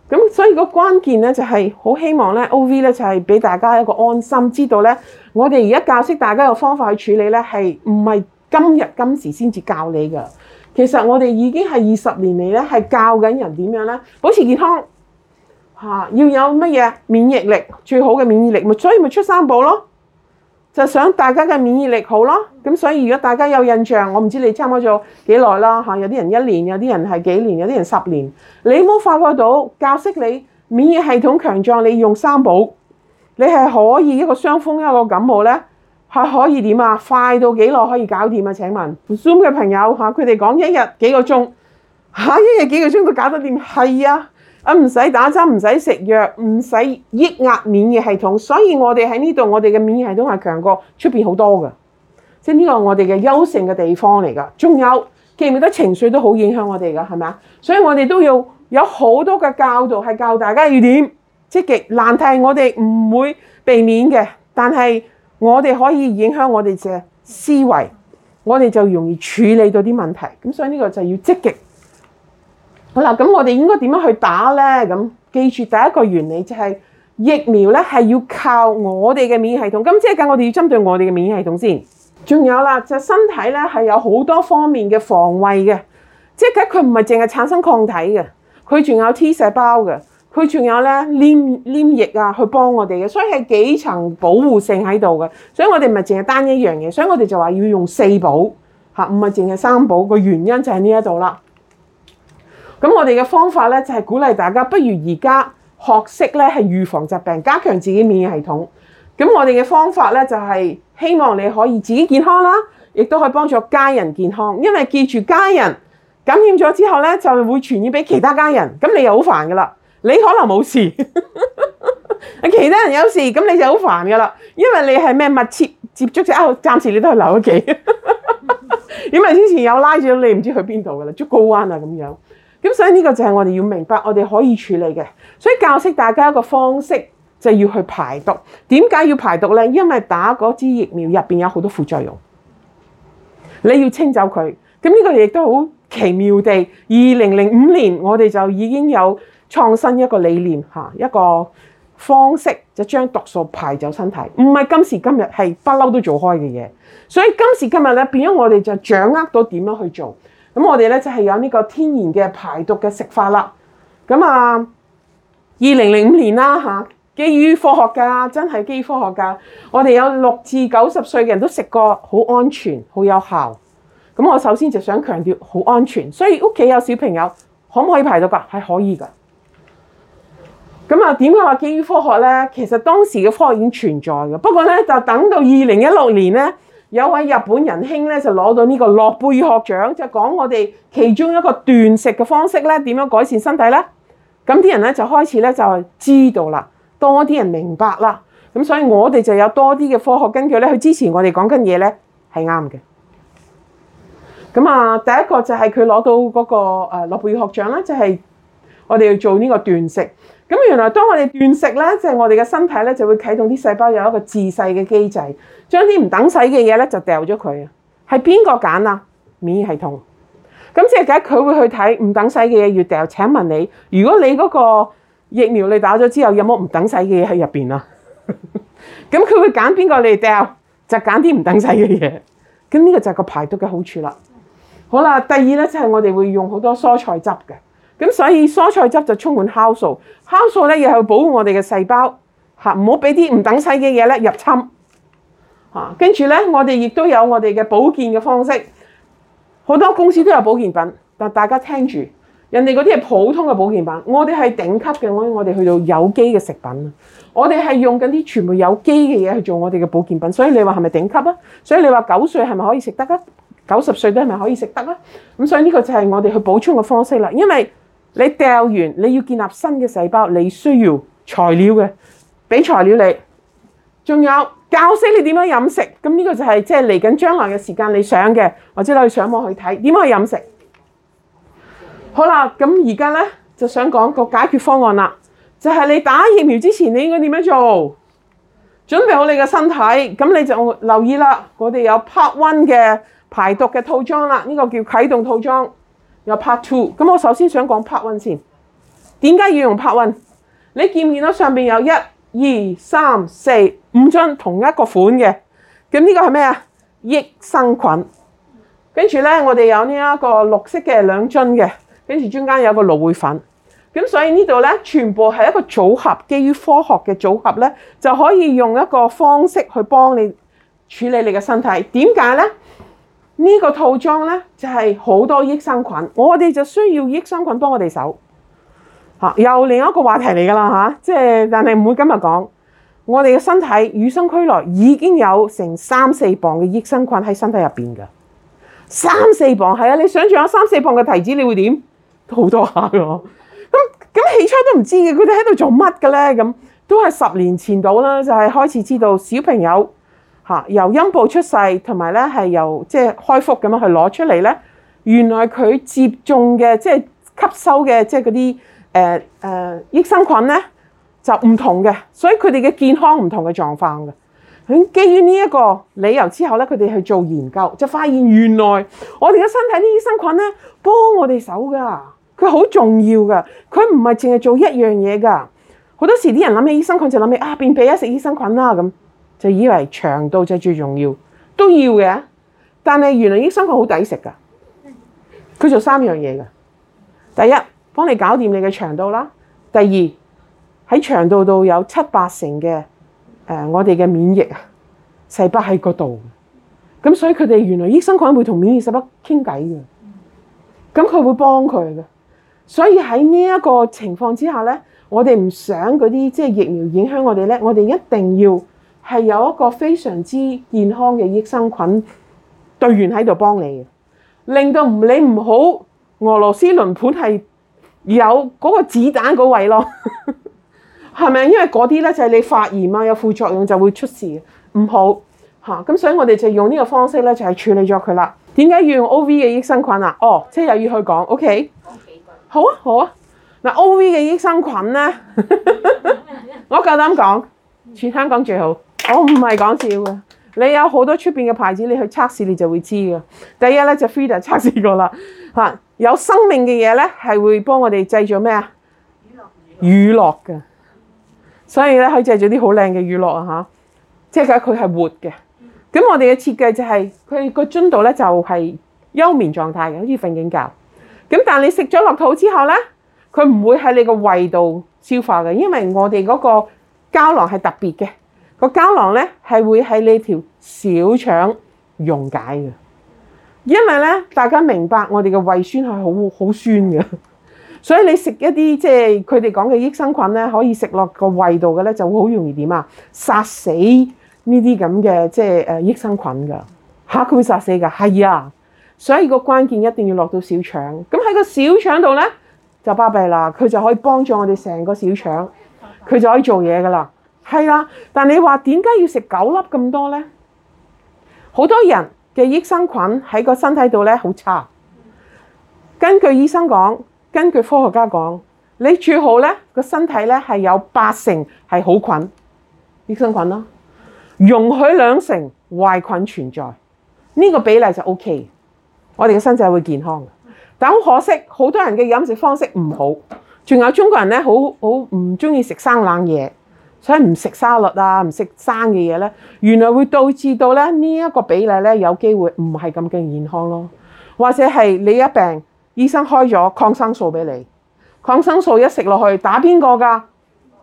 咁所以個關鍵咧就係好希望咧 O V 咧就係俾大家一個安心，知道咧我哋而家教識大家個方法去處理咧，係唔係今日今時先至教你嘅？其實我哋已經係二十年嚟咧係教緊人點樣咧保持健康嚇，要有乜嘢免疫力，最好嘅免疫力，咪所以咪出三步咯。就想大家嘅免疫力好咯，咁所以如果大家有印象，我唔知你參加咗幾耐啦嚇，有啲人一年，有啲人係幾年，有啲人十年。你冇發覺到教識你免疫系統強壯，你用三寶，你係可以一個傷風一個感冒咧，係、啊、可以點啊？快到幾耐可以搞掂啊？請問 Zoom 嘅朋友嚇，佢哋講一日幾個鐘、嚇、一日幾個鐘都搞得掂係啊！啊！唔使打針，唔使食藥，唔使抑壓免疫系統，所以我哋喺呢度，我哋嘅免疫系統係強過出邊好多㗎，即係呢個我哋嘅優勝嘅地方嚟噶。仲有，記唔記得情緒都好影響我哋㗎，係咪啊？所以我哋都要有好多嘅教導，係教大家要點積極。難題我哋唔會避免嘅，但係我哋可以影響我哋嘅思維，我哋就容易處理到啲問題。咁所以呢個就要積極。好啦，咁我哋應該點樣去打咧？咁記住第一個原理就係疫苗咧，係要靠我哋嘅免疫系統。咁即係講我哋要針對我哋嘅免疫系統先。仲有啦，就身體咧係有好多方面嘅防衛嘅，即係佢唔係淨係產生抗體嘅，佢仲有 T 細胞嘅，佢仲有咧黏黏液啊去幫我哋嘅，所以係幾層保護性喺度嘅。所以我哋唔係淨係單一樣嘢，所以我哋就話要用四保吓，唔係淨係三保。個原因就喺呢一度啦。咁我哋嘅方法咧就係鼓勵大家，不如而家學識咧係預防疾病，加強自己免疫系統。咁我哋嘅方法咧就係希望你可以自己健康啦，亦都可以幫助家人健康。因為記住家人感染咗之後咧就會傳染俾其他家人，咁你又好煩噶啦。你可能冇事，其他人有事，咁你就好煩噶啦。因為你係咩密切接觸者，啊，暫時你都係留屋企。因為之前有拉住你，唔知去邊度噶啦，竹篙灣啊咁樣。咁所以呢個就係我哋要明白，我哋可以處理嘅。所以教識大家一個方式，就要去排毒。點解要排毒呢？因為打嗰支疫苗入邊有好多副作用，你要清走佢。咁呢個亦都好奇妙地。二零零五年我哋就已經有創新一個理念吓，一個方式就將毒素排走身體。唔係今時今日係不嬲都做開嘅嘢。所以今時今日咧，變咗我哋就掌握到點樣去做。咁我哋咧就係有呢個天然嘅排毒嘅食法啦。咁啊，二零零五年啦嚇，基於科學㗎，真係基於科學㗎。我哋有六至九十歲嘅人都食過，好安全，好有效。咁我首先就想強調，好安全。所以屋企有小朋友可唔可以排毒㗎？係可以㗎。咁啊，點解話基於科學咧？其實當時嘅科學已經存在嘅，不過咧就等到二零一六年咧。有位日本人兄咧就攞到呢個諾貝爾學獎，就講我哋其中一個斷食嘅方式咧點樣改善身體咧。咁啲人咧就開始咧就知道啦，多啲人明白啦。咁所以我哋就有多啲嘅科學根據咧去支持我哋講緊嘢咧係啱嘅。咁啊，第一個就係佢攞到嗰個誒諾貝爾學獎啦，就係、是、我哋要做呢個斷食。咁原來當我哋斷食咧，即係我哋嘅身體咧就會啟動啲細胞有一個自細嘅機制，將啲唔等使嘅嘢咧就掉咗佢啊。係邊個揀啊？免疫系統。咁即係解佢會去睇唔等使嘅嘢要掉？請問你，如果你嗰個疫苗你打咗之後有冇唔等使嘅嘢喺入面啊？咁 [LAUGHS] 佢會揀邊個嚟掉？就揀啲唔等使嘅嘢。咁呢個就係個排毒嘅好處啦。好啦，第二咧就係我哋會用好多蔬菜汁嘅。咁所以蔬菜汁就充滿酵素，酵素咧又係保護我哋嘅細胞嚇，唔好俾啲唔等使嘅嘢咧入侵嚇。跟住咧，我哋亦都有我哋嘅保健嘅方式，好多公司都有保健品，但大家聽住，人哋嗰啲係普通嘅保健品，我哋係頂級嘅，我我哋去到有機嘅食品啊，我哋係用緊啲全部有機嘅嘢去做我哋嘅保健品，所以你話係咪頂級啊？所以你話九歲係咪可以食得啊？九十歲都係咪可以食得啊？咁所以呢個就係我哋去補充嘅方式啦，因為你掉完，你要建立新嘅細胞，你需要材料嘅，俾材料你。仲有教識你點樣飲食，咁呢個就係即係嚟緊將來嘅時間你想嘅，或者你可上網去睇點樣去飲食。好啦，咁而家呢，就想講個解決方案啦，就係你打疫苗之前你應該點樣做，準備好你嘅身體，咁你就留意啦。我哋有 part one 嘅排毒嘅套裝啦，呢個叫啟動套裝。有 part two，咁我首先想講 part one 先。點解要用 part one？你見唔見到上邊有一二三四五樽同一個款嘅？咁呢個係咩啊？益生菌。跟住咧，我哋有呢一個綠色嘅兩樽嘅，跟住中間有個蘆薈粉。咁所以這裡呢度咧，全部係一個組合，基於科學嘅組合咧，就可以用一個方式去幫你處理你嘅身體。點解咧？呢、這個套裝呢，就係好多益生菌，我哋就需要益生菌幫我哋手。嚇，又另一個話題嚟㗎啦吓，即係但係唔會今日講。我哋嘅身體與生俱來已經有成三四磅嘅益生菌喺身體入邊㗎，三四磅係啊！你想象咗三四磅嘅提子，你會點？好多下咯。咁咁起初都唔知嘅，佢哋喺度做乜嘅呢？咁都係十年前到啦，就係、是、開始知道小朋友。嚇，由陰部出世，同埋咧係由即係開腹咁樣去攞出嚟咧，原來佢接種嘅即係吸收嘅即係嗰啲誒誒益生菌咧就唔同嘅，所以佢哋嘅健康唔同嘅狀況嘅。咁基於呢一個理由之後咧，佢哋去做研究就發現原來我哋嘅身體啲益生菌咧幫我哋手㗎，佢好重要㗎，佢唔係淨係做一樣嘢㗎。好多時啲人諗起益生菌就諗起啊，便秘一食益生菌啦咁。就以為腸道就係最重要，都要嘅。但係原來益生菌好抵食㗎，佢做三樣嘢㗎。第一幫你搞掂你嘅腸道啦。第二喺腸道度有七八成嘅誒，我哋嘅免疫細胞喺嗰度。咁所以佢哋原來益生菌會同免疫細胞傾偈嘅。咁佢會幫佢嘅。所以喺呢一個情況之下咧，我哋唔想嗰啲即係疫苗影響我哋咧，我哋一定要。係有一個非常之健康嘅益生菌隊員喺度幫你嘅，令到唔你唔好俄羅斯輪盤係有嗰個子彈嗰位咯，係咪？因為嗰啲咧就係你發炎啊，有副作用就會出事，唔好嚇。咁所以我哋就用呢個方式咧，就係處理咗佢啦。點解要用 O V 嘅益生菌啊？哦，嗯、即係又要去、嗯、OK，講，OK？好啊，好啊。嗱，O V 嘅益生菌咧，嗯、 [LAUGHS] 我夠膽講，全香港最好。我唔係講笑嘅，你有好多出邊嘅牌子，你去測試你就會知嘅。第一咧就 Frida 測試過啦，吓，有生命嘅嘢咧係會幫我哋製造咩啊？娛樂嘅，所以咧可以製造啲好靚嘅娛樂啊吓。即係佢係活嘅，咁我哋嘅設計就係佢個樽度咧就係、是、休眠狀態嘅，好似瞓緊覺。咁但係你食咗落肚之後咧，佢唔會喺你個胃度消化嘅，因為我哋嗰個膠囊係特別嘅。個膠囊咧係會喺你條小腸溶解嘅，因為咧大家明白我哋嘅胃酸係好好酸嘅，所以你食一啲即係佢哋講嘅益生菌咧，可以食落個胃度嘅咧，就會好容易點啊，殺死呢啲咁嘅即係益生菌㗎吓，佢會殺死㗎，係啊，所以個關鍵一定要落到小腸，咁喺個小腸度咧就巴閉啦，佢就可以幫助我哋成個小腸，佢就可以做嘢㗎啦。係啦，但你話點解要食九粒咁多咧？好多人嘅益生菌喺個身體度咧好差。根據醫生講，根據科學家講，你最好咧個身體咧係有八成係好菌，益生菌囉，容許兩成壞菌存在，呢個比例就 O K。我哋嘅身體會健康。但好可惜，好多人嘅飲食方式唔好，仲有中國人咧，好好唔中意食生冷嘢。所以唔食沙律啊，唔食生嘅嘢咧，原來會導致到咧呢一個比例咧有機會唔係咁勁健康咯。或者係你一病，醫生開咗抗生素俾你，抗生素一食落去打邊個㗎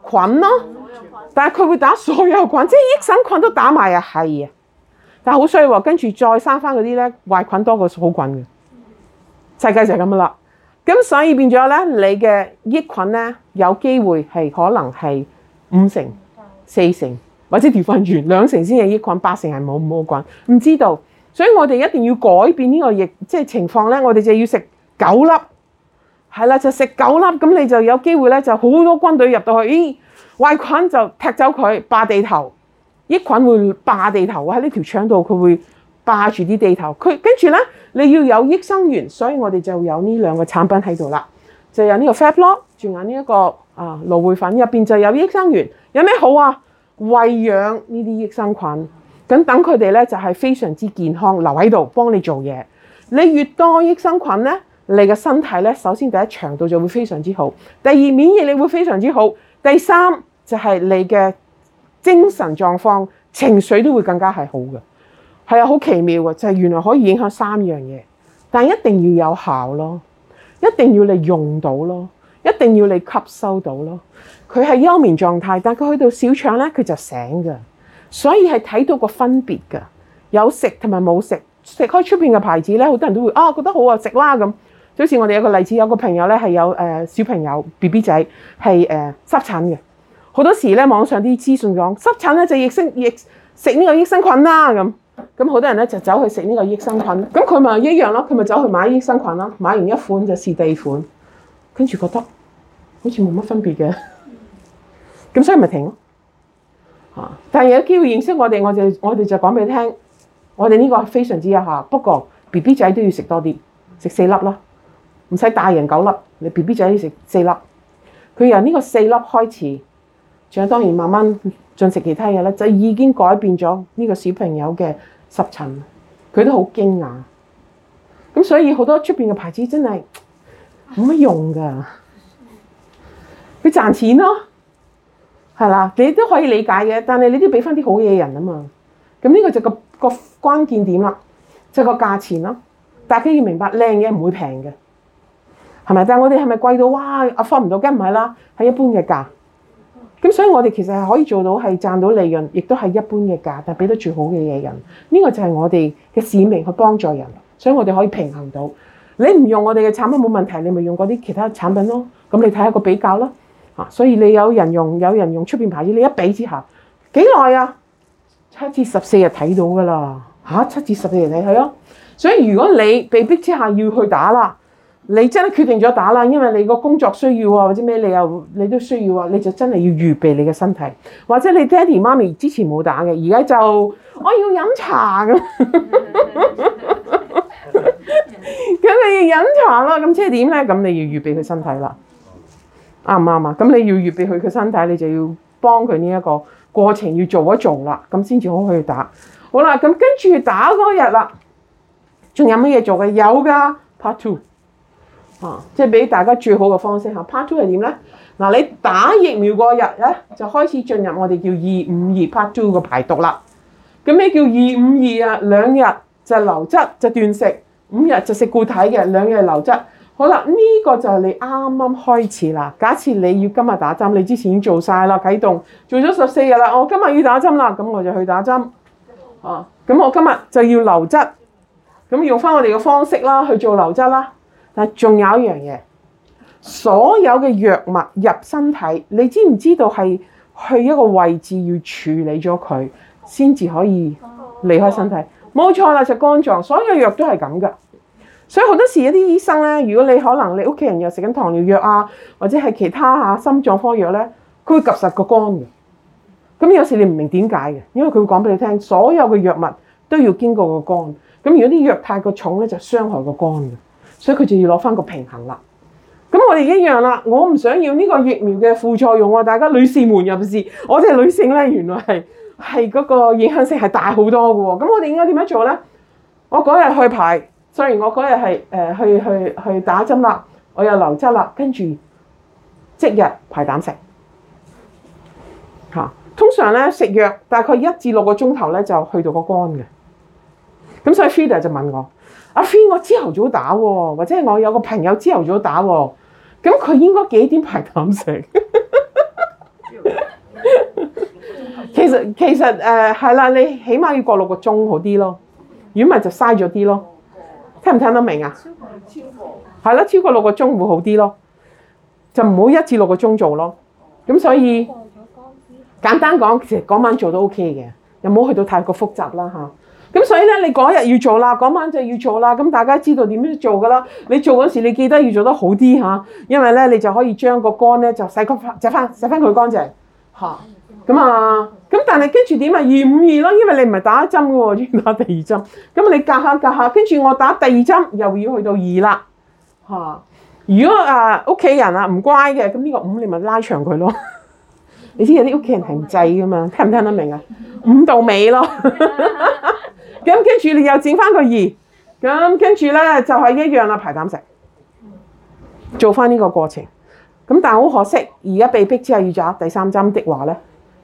菌咯、啊？但係佢會打所有菌，即係益生菌都打埋啊，係啊。但係好衰喎，跟住再生翻嗰啲咧，壞菌多過好菌嘅世界就係咁啦。咁所以變咗咧，你嘅益菌咧有機會係可能係。五成、四成或者調翻轉兩成先係益菌，八成係冇冇菌，唔知道。所以我哋一定要改變呢個疫即係情況咧，我哋就要食九粒，係啦，就食九粒咁，噉你就有機會咧，就好多軍隊入到去，咦、哎，壞菌就踢走佢霸地頭，益菌會霸地頭喺呢條腸度，佢會霸住啲地頭。佢跟住咧，你要有益生元，所以我哋就有呢兩個產品喺度啦，就有呢個 FAP 咯，轉眼呢一個。啊！蘆薈粉入邊就有益生元，有咩好啊？餵養呢啲益生菌，咁等佢哋咧就係非常之健康，留喺度幫你做嘢。你越多益生菌咧，你嘅身體咧，首先第一腸道就會非常之好，第二免疫力會非常之好，第三就係、是、你嘅精神狀況、情緒都會更加係好嘅。係啊，好奇妙嘅就係、是、原來可以影響三樣嘢，但一定要有效咯，一定要你用到咯。一定要你吸收到咯，佢係休眠狀態，但佢去到小腸咧，佢就醒噶，所以係睇到個分別噶。有食同埋冇食，食開出面嘅牌子咧，好多人都會啊覺得好啊食啦咁。就好似我哋有個例子，有個朋友咧係有誒小朋友 B B 仔係誒濕疹嘅，好多時咧網上啲資訊講濕疹咧就益生益食呢個益生菌啦咁，咁好多人咧就走去食呢個益生菌，咁佢咪一樣咯，佢咪走去買益生菌咯，買完一款就試第二款，跟住覺得。好似冇乜分別嘅，咁所以咪停咯嚇、啊。但係有機會認識我哋，我哋我哋就講俾你聽，我哋呢個非常之有效。不過 B B 仔都要食多啲，食四粒啦，唔使大人九粒，你 B B 仔要食四粒。佢由呢個四粒開始，仲有當然慢慢進食其他嘢啦。就已經改變咗呢個小朋友嘅濕疹，佢都好驚訝。咁所以好多出面嘅牌子真係冇乜用㗎。佢賺錢咯、啊，係啦，你都可以理解嘅。但係你都要俾翻啲好嘢人啊嘛。咁呢個就個個關鍵點啦，就係、是、個價錢啦、啊。大家要明白靚嘢唔會平嘅，係咪？但係我哋係咪貴到哇？阿放唔到，梗唔係啦，係一般嘅價。咁所以我哋其實係可以做到係賺到利潤，亦都係一般嘅價，但係俾得住好嘅嘢人。呢、這個就係我哋嘅使命去幫助人，所以我哋可以平衡到。你唔用我哋嘅產品冇問題，你咪用嗰啲其他產品咯。咁你睇下個比較咯。所以你有人用，有人用出面牌子，你一比之下幾耐啊？七至十四日睇到噶啦吓，七至十四日你去咯。所以如果你被迫之下要去打啦，你真係決定咗打啦，因為你個工作需要啊，或者咩你又你都需要啊，你就真係要預備你嘅身體。或者你爹哋媽咪之前冇打嘅，而家就我要飲茶咁，咁你要飲茶啦。咁即係點咧？咁你要預備佢身體啦。啱唔啱啊？咁你要預備佢嘅身體，你就要幫佢呢一個過程要做一做啦，咁先至好去打。好啦，咁跟住打嗰日啦，仲有乜嘢做嘅？有噶 part two，啊，即係俾大家最好嘅方式嚇、啊。part two 係點咧？嗱、啊，你打疫苗嗰日咧、啊，就開始進入我哋叫二五二 part two 嘅排毒啦。咁咩叫二五二啊？兩日就流質就斷食，五日就食固體嘅，兩日流質。好啦，呢、呢個就係你啱啱開始啦。假設你要今日打針，你之前已經做晒啦，啟動做咗十四日啦。我今日要打針啦，咁我就去打針。哦，咁我今日就要流質。咁用翻我哋嘅方式啦，去做流質啦。但仲有一樣嘢，所有嘅藥物入身體，你知唔知道係去一個位置要處理咗佢，先至可以離開身體？冇錯啦，就係、肝臟。所有藥都係咁噶。所以好多時一啲醫生咧，如果你可能你屋企人又食緊糖尿藥啊，或者係其他嚇、啊、心臟科藥咧，佢會及實個肝。咁有時你唔明點解嘅，因為佢會講俾你聽，所有嘅藥物都要經過個肝。咁如果啲藥太過重咧，就傷害個肝嘅，所以佢就要攞翻個平衡啦。咁我哋一樣啦，我唔想要呢個疫苗嘅副作用喎。大家女士們入視，我哋女性咧原來係係嗰個影響性係大好多嘅喎。咁我哋應該點樣做咧？我嗰日去排。所以我嗰日係誒去去去打針啦，我又流汁啦，跟住即日排膽石。嚇、啊，通常咧食藥大概一至六個鐘頭咧就去到個肝嘅。咁、啊、所以 Feder 就問我：阿、yeah. Feder，我朝頭早打喎、哦，或者係我有個朋友朝頭早打喎、哦，咁佢應該幾點排膽石？ [LAUGHS] [MUSIC] [MUSIC] 其實其實誒係、呃、啦，你起碼要過六個鐘好啲咯，如果咪就嘥咗啲咯。聽唔聽得明啊？超過超過，係咯，超過六個鐘會好啲咯，就唔好一至六個鐘做咯。咁所以簡單講，其實嗰晚做都 OK 嘅，又唔好去到太過複雜啦吓，咁所以咧，你嗰日要做啦，嗰晚就要做啦。咁大家知道點樣做㗎啦？你做嗰陣時，你記得要做得好啲吓，因為咧你就可以將個乾咧就洗乾洗翻洗翻佢乾淨嚇。咁、嗯嗯、啊，咁但係跟住點啊？二五二咯，因為你唔係打一針嘅喎，打第二針。咁你隔下隔下，跟住我打第二針，又要去到二啦、啊、如果啊屋企人啊唔乖嘅，咁呢個五你咪拉長佢咯。你知有啲屋企人係唔制嘅嘛？聽唔聽得明啊？五到尾咯。咁跟住你又整翻個二，咁跟住咧就係、是、一樣啦，排膽石做翻呢個過程。咁但係好可惜，而家被逼之後要打第三針的話咧。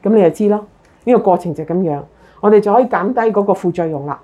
咁你就知囉，呢個過程就咁樣，我哋就可以減低嗰個副作用啦。